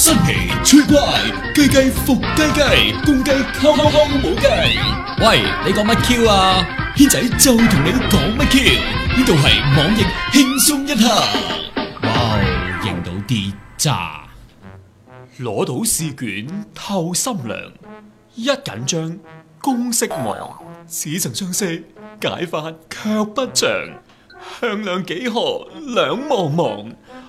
新奇脆怪、脆快，雞雞伏雞雞，公雞扣扣扣，冇雞。喂，你講乜 Q 啊？軒仔就同你講乜 Q？呢度係網易輕鬆一刻。哇、wow,，認到啲渣，攞到試卷透心涼。一緊張，公式忘，似曾相識，解法卻不詳。向量幾何兩茫茫。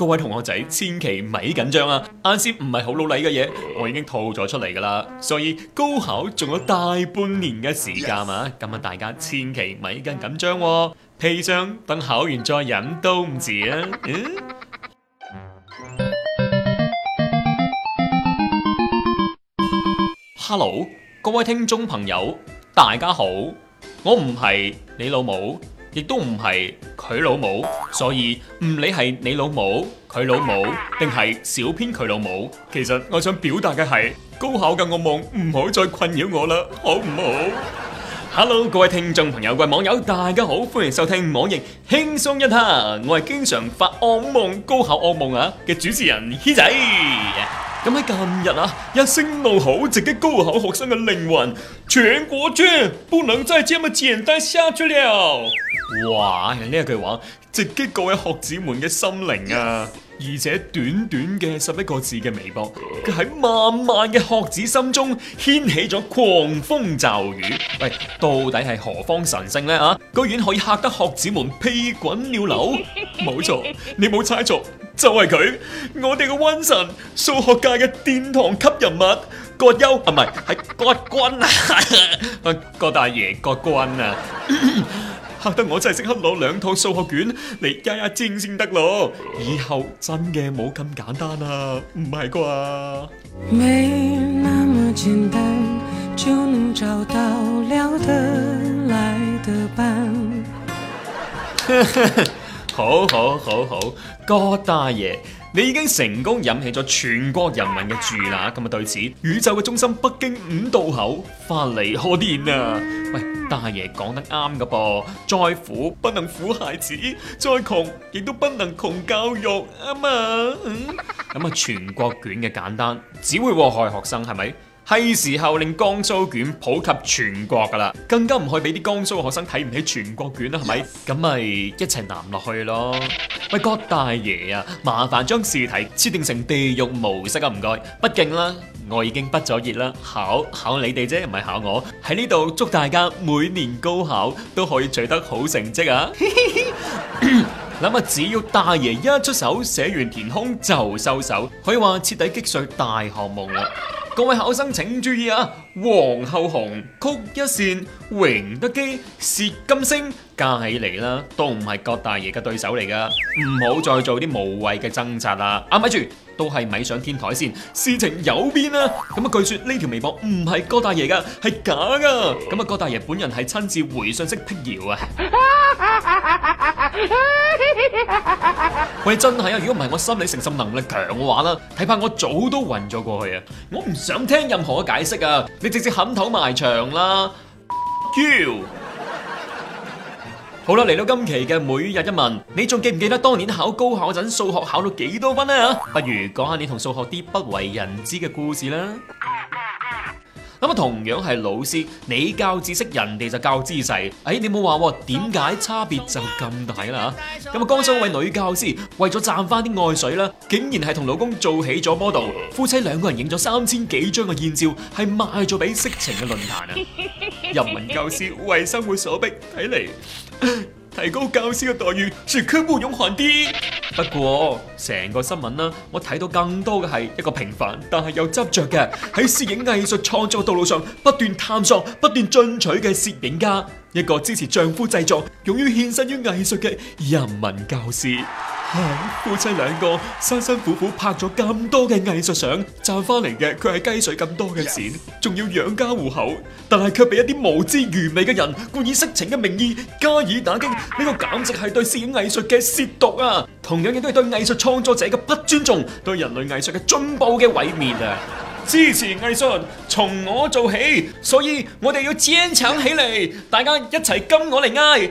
各位同學仔，千祈咪緊張啊！啱先唔係好努力嘅嘢，我已經吐咗出嚟噶啦。所以高考仲有大半年嘅時間啊，yes.，咁大家千祈咪咁緊張，屁上等考完再飲都唔遲啊！Hello，各位聽眾朋友，大家好，我唔係你老母。亦都唔係佢老母，所以唔理係你老母、佢老母，定係小編佢老母，其實我想表達嘅係高考嘅惡夢唔好再困擾我啦，好唔好？Hello，各位聽眾朋友、各位網友，大家好，歡迎收聽網易輕鬆一刻，我係經常發惡夢、高考惡夢啊嘅主持人軒仔。咁喺近日啊，一聲怒吼直擊高考學生嘅靈魂，全國卷不能再這麼簡單下去了！哇，呢一句話直擊各位學子們嘅心靈啊，而且短短嘅十一個字嘅微博，佢喺萬萬嘅學子心中掀起咗狂風驟雨。喂，到底係何方神聖呢？啊，居然可以吓得學子們屁滾尿流！冇 錯，你冇猜錯。就係佢，我哋嘅瘟神，數學界嘅殿堂級人物葛優，啊唔係，係葛軍啊，葛大爺，葛軍啊，嚇得我真係即刻攞兩套數學卷嚟加一精先得咯，以後真嘅冇咁簡單啊，唔係啩？好好好好，哥大爺，你已經成功引起咗全國人民嘅注意啦！咁啊，對此宇宙嘅中心北京五道口發嚟賀電啊，嗯！喂，大爺講得啱噶噃，再苦不能苦孩子，再窮亦都不能窮教育啊嘛！咁啊，嗯、全國卷嘅簡單只會禍害學生，係咪？係時候令江蘇卷普及全國噶啦，更加唔可以俾啲江蘇學生睇唔起全國卷啦，係咪？咁、yes. 咪一齊南落去咯。喂，郭大爺啊，麻煩將試題設定成地獄模式啊，唔該。畢竟啦，我已經畢咗業啦，考考你哋啫，唔係考我。喺呢度祝大家每年高考都可以取得好成績啊！嘻嘻嘻！諗下，只要大爺一出手，寫完填空就收手，可以話徹底擊碎大項目啦、啊。各位考生請注意啊！王后雄、曲一線、榮德基、薛金星加起嚟啦，都唔係郭大爺嘅對手嚟噶，唔好再做啲無謂嘅掙扎啦！啊，咪住，都係咪上天台先，事情有變啦！咁啊，據說呢條微博唔係郭大爺噶，係假噶，咁啊，郭大爺本人係親自回信息闢謠啊。 喂，真係啊！如果唔係我心理承受能力強嘅話啦，睇怕我早都暈咗過去啊！我唔想聽任何嘅解釋啊！你直接冚頭埋牆啦！Q，好啦，嚟到今期嘅每日一問，你仲記唔記得當年考高考嗰陣數學考到幾多分呢？啊，不如講下你同數學啲不為人知嘅故事啦。咁啊，同樣係老師，你教知識，人哋就教姿勢。哎，你冇話喎，點解差別就咁大啦嚇？咁啊，江州位女教師為咗賺翻啲外水啦，竟然係同老公做起咗 model，夫妻兩個人影咗三千幾張嘅艷照，係賣咗俾色情嘅論壇啊！人民教師為生活所迫，睇嚟。 提高教師嘅待遇，係刻不容緩嘅。不過，成個新聞啦，我睇到更多嘅係一個平凡但係又執着嘅，喺攝影藝術創作道路上不斷探索，不斷進取嘅攝影家，一個支持丈夫製作、勇於獻身於藝術嘅人民教師。夫妻兩個辛辛苦苦拍咗咁多嘅藝術相，賺翻嚟嘅佢係雞水咁多嘅錢，仲、yes. 要養家糊口，但係卻俾一啲無知愚昧嘅人，故意色情嘅名義加以打擊，呢、這個簡直係對攝影藝術嘅褻瀆啊！同樣亦都係對藝術創作者嘅不尊重，對人類藝術嘅進步嘅毀滅啊！支持藝術人，從我做起，所以我哋要振搶起嚟，大家一齊跟我嚟嗌！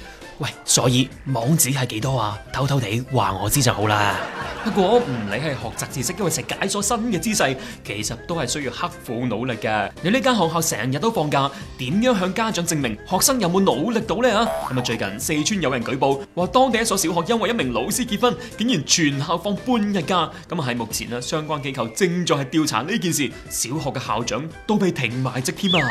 喂，所以網址係幾多啊？偷偷地話我知就好啦。 不過唔理係學習知識，因為成解鎖新嘅姿勢，其實都係需要刻苦努力嘅。你呢間學校成日都放假，點樣向家長證明學生有冇努力到呢？啊？咁啊，最近四川有人舉報，話當地一所小學因為一名老師結婚，竟然全校放半日假。咁啊，喺目前啊，相關機構正在係調查呢件事，小學嘅校長都被停埋職添啊。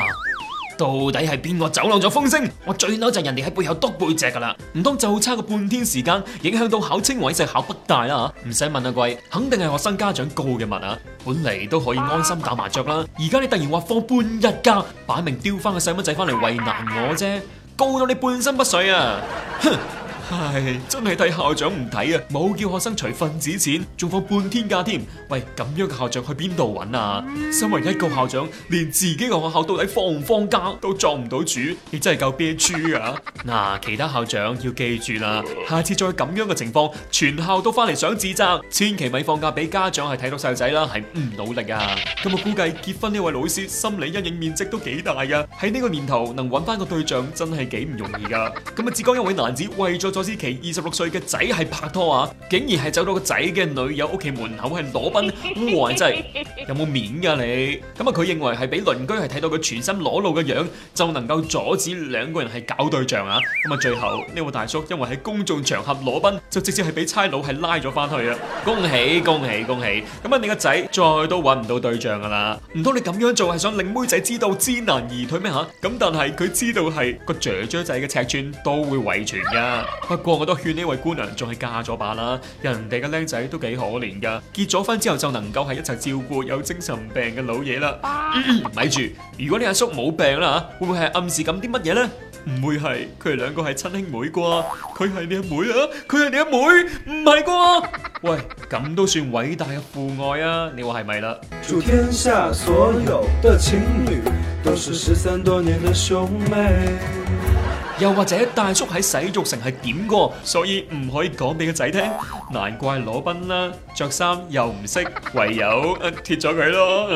到底係邊個走漏咗風聲？我最嬲就係人哋喺背後督背脊噶啦，唔通就差個半天時間，影響到考清華就考北大啦？唔使問阿貴，肯定係學生家長告嘅密啊！本嚟都可以安心打麻雀啦，而家你突然話放半日假，擺明丟翻個細蚊仔翻嚟為難我啫，告到你半身不遂啊！哼。唉，真係替校長唔睇啊！冇叫學生除份子錢，仲放半天假添。喂，咁樣嘅校長去邊度揾啊？身為一個校長，連自己個學校到底放唔放假都做唔到主，你真係夠憋豬啊。嗱，其他校長要記住啦，下次再咁樣嘅情況，全校都翻嚟想自責，千祈咪放假俾家長係睇到細路仔啦，係唔努力啊！咁啊，估計結婚呢位老師心理陰影面積都幾大噶，喺呢個年頭能揾翻個對象真係幾唔容易噶。咁啊，浙江一位男子為咗做。羅斯奇二十六歲嘅仔係拍拖啊，竟然係走到個仔嘅女友屋企門口係裸奔，哇！真係有冇面噶？啊、你？咁啊，佢認為係俾鄰居係睇到佢全身裸露嘅樣子，就能夠阻止兩個人係搞對象啊！咁啊，最後呢位，這個，大叔因為喺公眾場合裸奔，就直接係俾差佬係拉咗翻去啊！恭喜恭喜恭喜！咁啊，那麼你個仔再都揾唔到對象噶啦！唔通你咁樣做係想令妹仔知道知難而退咩吓？咁但係佢知道係個雀雀仔嘅尺寸都會遺傳噶。不過我都勸呢位姑娘，仲係嫁咗罷啦。人哋嘅僆仔都幾可憐噶，結咗婚之後就能夠係一齊照顧有精神病嘅老嘢啦。啊。嗯，咪住，如果你阿叔冇病啦吓，會唔會係暗示咁啲乜嘢呢？唔會係，佢哋兩個係親兄妹啩？佢係你阿妹啊？佢係你阿妹？唔係啩？喂，咁都算偉大嘅父愛啊？你話係咪啦？祝天下所有嘅情侶，都是失散多年的兄妹。又或者大叔喺洗浴城係點過，所以唔可以講俾個仔聽。難怪裸奔啦，着衫又唔識，唯有貼咗佢咯。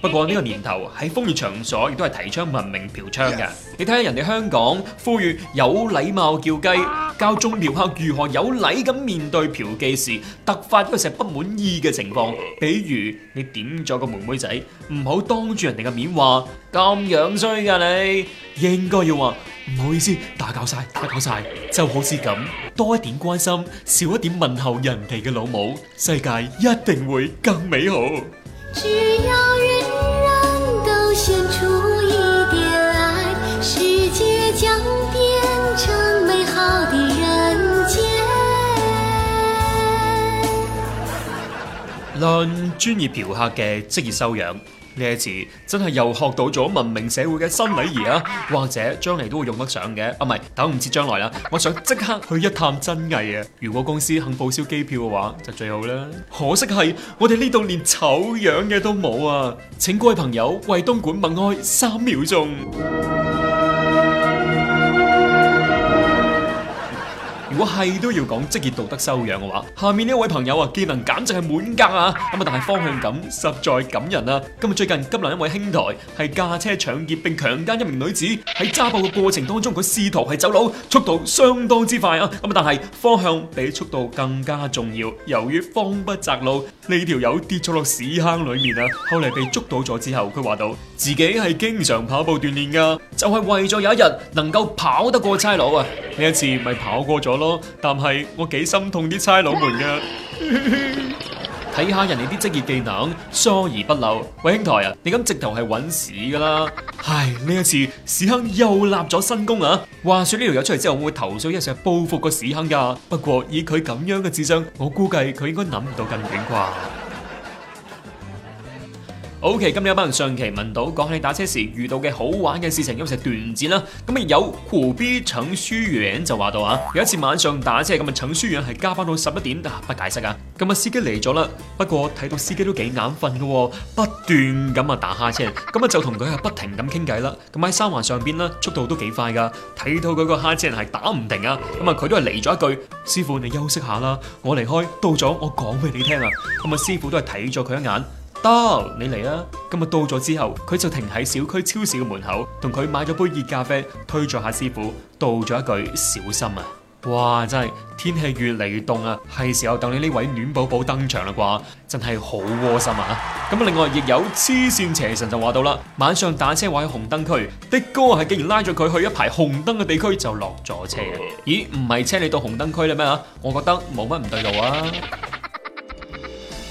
不過呢個年頭喺風月場所亦都係提倡文明嫖娼嘅。你睇下人哋香港呼籲有禮貌叫雞，教眾嫖客如何有禮咁面對嫖妓時，突發咗成不滿意嘅情況，比如你點咗個妹妹仔，唔好當住人哋嘅面話咁樣衰噶，你應該要話。唔好意思，打攪晒打攪晒。就好似咁，多一點關心，少一點問候人哋嘅老母，世界一定會更美好。只要人人都獻出一點愛，世界將變成美好的人間。論專業嫖客嘅職業修養。呢一次真係又學到咗文明社會嘅新禮儀啊，或者將嚟都會用得上嘅，啊唔係，等唔切將來啦，我想即刻去一探真偽啊！如果公司肯報銷機票嘅話，就最好啦。可惜係我哋呢度連醜樣嘅都冇啊！請各位朋友為東莞默哀三秒鐘。如果係都要講職業道德修養嘅話，下面呢一位朋友啊，技能簡直係滿格啊！咁啊，但係方向感實在感人啊！今日最近，吉林一位兄台係駕車搶劫並強姦一名女子，喺揸捕嘅過程當中，佢試圖係走佬，速度相當之快啊！咁啊，但係方向比速度更加重要。由於慌不擇路，呢條友跌咗落屎坑裏面啊！後嚟被捉到咗之後，佢話到。自己係經常跑步鍛煉噶，就係、是、為咗有一日能夠跑得過差佬啊！呢一次咪跑過咗咯，但係我幾心痛啲差佬們噶。睇 下人哋啲職業技能，疏而不漏。喂，兄台啊，你咁直頭係搵屎噶啦！唉，呢一次屎坑又立咗新功啊。話說呢條友出嚟之後，會唔會投上一石報復個屎坑噶？不過以佢咁樣嘅智商，我估計佢應該諗唔到咁遠啩。O.K.，今日有班人上期問到講起打車時遇到嘅好玩嘅事情，咁成段子啦。咁啊有酷 B 程書院就話到啊，有一次晚上打車，咁啊程書院係加班到十一點，不解釋啊。咁啊司機嚟咗啦，不過睇到司機都幾眼瞓嘅，不斷咁啊打哈車，咁啊就同佢係不停咁傾偈啦。咁喺三環上邊啦，速度都幾快㗎，睇到佢個哈車人係打唔停啊，咁啊佢都係嚟咗一句：師傅，你休息下啦，我離開到咗我講俾你聽啊。咁啊師傅都係睇咗佢一眼。得，你嚟啦。今日到咗之後，佢就停喺小區超市嘅門口，同佢買咗杯熱咖啡，推咗下師傅，道咗一句小心啊！哇，真係天氣越嚟越凍啊，係時候等你呢位暖寶寶登場啦啩！真係好窩心啊！咁另外亦有黐線邪神就話到啦，晚上打車位喺紅燈區，的哥係竟然拉咗佢去一排紅燈嘅地區就落咗車，哦。咦，唔係車你到紅燈區啦咩啊？我覺得冇乜唔對路啊！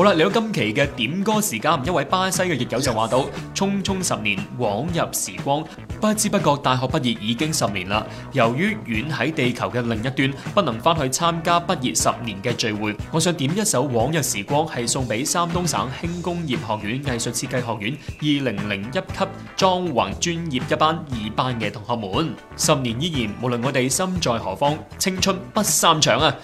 好啦，嚟到今期嘅點歌時間，一位巴西嘅友就話到：匆匆十年，往日時光，不知不覺大學畢業已經十年啦。由於遠喺地球嘅另一端，不能翻去參加畢業十年嘅聚會，我想點一首《往日時光》，係送俾山東省輕工業學院藝術設計學院二零零一級裝潢專業一班二班嘅同學們。十年依然，無論我哋心在何方，青春不散場啊！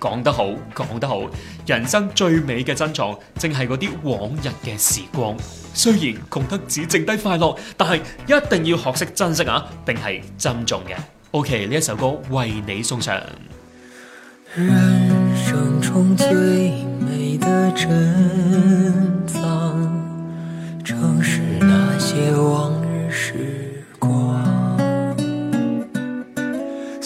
講得好，講得好，人生最美嘅珍藏正係嗰啲往日嘅時光。雖然窮得只剩低快樂，但係一定要學識珍惜啊，定係珍重嘅。OK，呢一首歌為你送上。人生中最美的珍藏，正是那些往。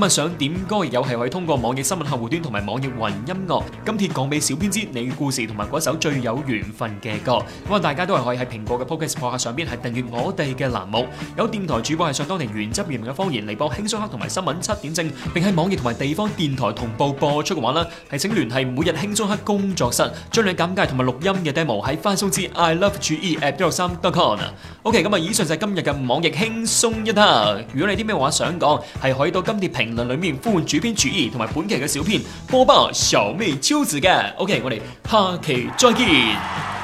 咁啊，想點歌，又係可以通過網易新聞客戶端同埋網易雲音樂。今貼講俾小編知，你嘅故事同埋嗰首最有緣分嘅歌。咁啊，大家都係可以喺蘋果嘅 Podcast 上邊係訂閱我哋嘅欄目。有電台主播係上當地原汁原味嘅方言嚟播輕鬆克同埋新聞七點正，並喺網易同埋地方電台同步播出嘅話咧，係請聯繫每日輕鬆克工作室，將你嘅簡介同埋錄音嘅 demo 喺發送至 I Love Chuye @163.com 啊。OK，咁啊，以上就係今日嘅網易輕鬆一啦。如果你啲咩話想講，係可以到今貼評。評論裏面呼喚主編主義同埋本期嘅小編播報，小妹超子嘅，OK，我哋下期再見。